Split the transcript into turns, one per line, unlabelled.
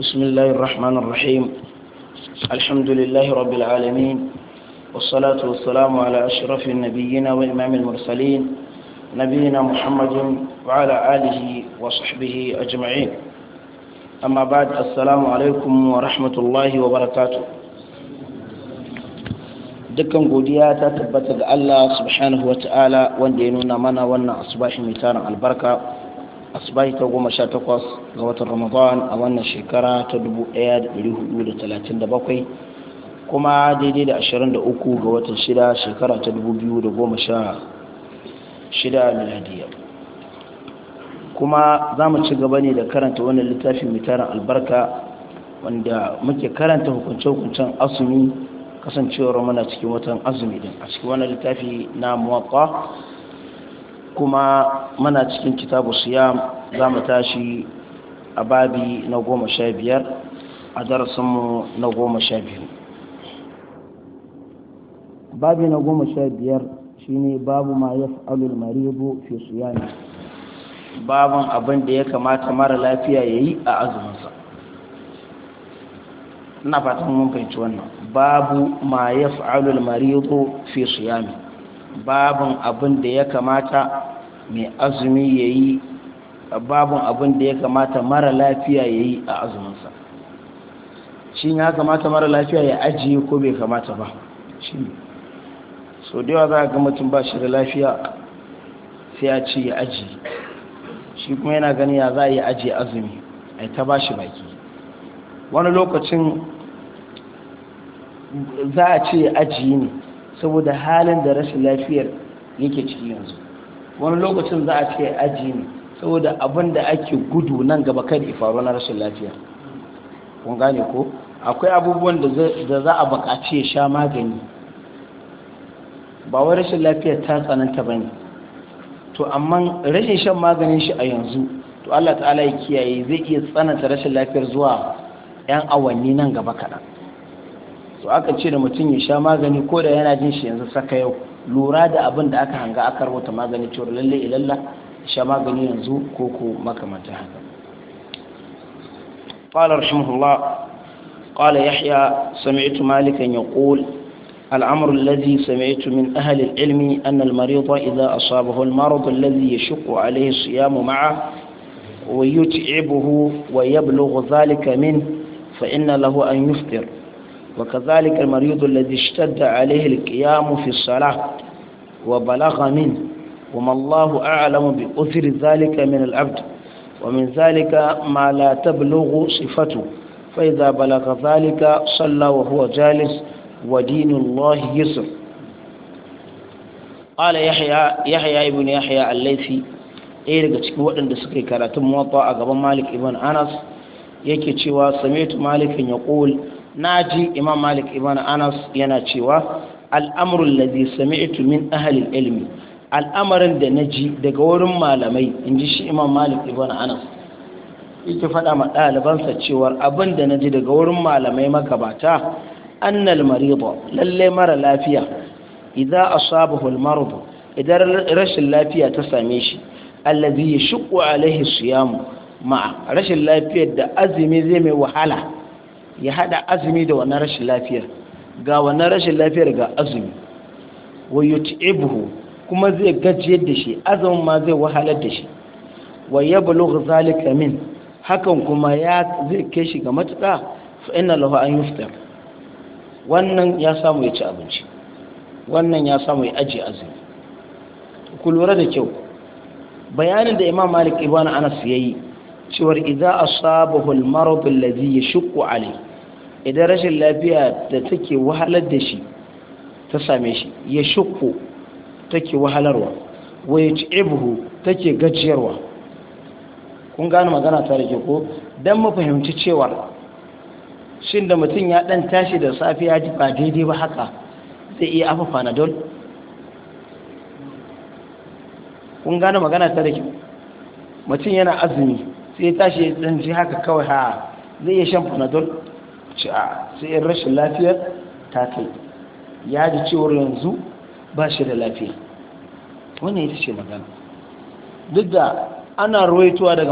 بسم الله الرحمن الرحيم الحمد لله رب العالمين والصلاة والسلام على أشرف النبيين وإمام المرسلين نبينا محمد وعلى آله وصحبه أجمعين أما بعد السلام عليكم ورحمة الله وبركاته دكم godiya ta الله سبحانه وتعالى subhanahu wa ta'ala wanda ya asibai ta goma sha takwas ga watan ramadan a wannan shekara ta dubu ɗaya da ɗari hudu da talatin da bakwai kuma daidai da ashirin da uku ga watan shida shekara ta dubu biyu da goma sha shida miladiya kuma za mu ci gaba ne da karanta wannan littafi mai tarin albarka wanda muke karanta hukunce-hukuncen asumi kasancewar muna cikin watan azumi din a cikin wannan littafi na muwaƙa kuma muna cikin kitabu siyam za mu tashi a babi na goma sha biyar a darasinmu na goma sha biyu babi na goma sha biyar shi ne babu ma ya fi maribu fi siyami babin abin da ya kamata mara lafiya ya yi a azuminsa ina fatan mun fahimci wannan babu ma ya fi maribu fi siyami babin abin da ya kamata mai azumi ya yi babin abin da ya kamata mara lafiya ya yi a azuminsa shi ya kamata mara lafiya ya ajiye ko bai kamata ba shi so da yawa za a ga mutum ba shi da lafiya sai ya ce ya ajiye shi kuma yana gani ya za a yi ajiye azumi a ta ba shi baki wani lokacin za a ce ya ajiye ne saboda halin da rashin lafiyar yake ciki yanzu wani lokacin za a ce aji ne saboda abin da ake gudu nan gaba kan ifaru na rashin lafiya kun gane ko akwai abubuwan da za a buƙaci ya sha magani ba wai rashin lafiya ta tsananta ba ne to amma rashin shan maganin shi a yanzu to Allah ta'ala ya kiyaye zai iya tsananta rashin lafiyar zuwa 'yan awanni nan gaba kaɗan to aka ce da mutum ya sha magani ko da yana jin shi yanzu saka yau lura da abin da aka hanga aka rubuta magani cewar lalle ilalla sha magani yanzu ko ko makamanta haka قال رحمه الله قال يحيى سمعت مالكا يقول الأمر الذي سمعت من أهل العلم أن المريض إذا أصابه المرض الذي يشق عليه الصيام معه ويتعبه ويبلغ ذلك منه فإن له أن يفطر وكذلك المريض الذي اشتد عليه القيام في الصلاة وبلغ منه وما الله أعلم بأثر ذلك من العبد ومن ذلك ما لا تبلغ صفته فإذا بلغ ذلك صلى وهو جالس ودين الله يسر قال يحيى يحيى ابن يحيى الليثي إيه daga cikin waɗanda suka yi karatun مالك ابن أنس يكي ibn anas yake cewa na ji imam malik ibn anas yana cewa al'amurin lazi sami'tu min ahalin ilmi al'amarin da na ji daga wurin malamai in ji shi imam malik ibn anas yake faɗa ma ɗalibansa cewar abin da na ji daga wurin malamai magabata annal marido lallai mara lafiya idan asabahu al idan rashin lafiya ta same shi allazi shuku alaihi siyamu ma rashin lafiyar da azumi zai mai wahala ya haɗa azumi da wannan rashin lafiyar ga wannan rashin lafiyar ga azumi wa yut'ibuhu kuma zai gajiyar da shi azumin ma zai wahalar da shi wa yablugh zalika min hakan kuma ya zai kai shi ga matuƙa fa inna lahu an yuftar wannan ya samu ya ci abinci wannan ya samu ya ajiye azumi ku lura da kyau bayanin da imam malik ibn anas yayi cewar idza asabahu al-marad alladhi yashqu alayhi idan rashin lafiya da take wahalar da shi ta same shi ya shukku take wahalarwa wa ya ci'ibuhu take gajiyarwa kun gano magana ta rike ko don mafahimci cewar shin da mutum ya dan tashi da safiya ba daidai ba haka zai iya afa panadol kun gano magana ta rike mutum yana azumi sai tashi dan ji haka kawai ha zai iya shan panadol ce a sai yin rashin lafiyar ta kai ya ji cewar yanzu ba shi da lafiya wani ita ce magana duk da ana ruwaitowa daga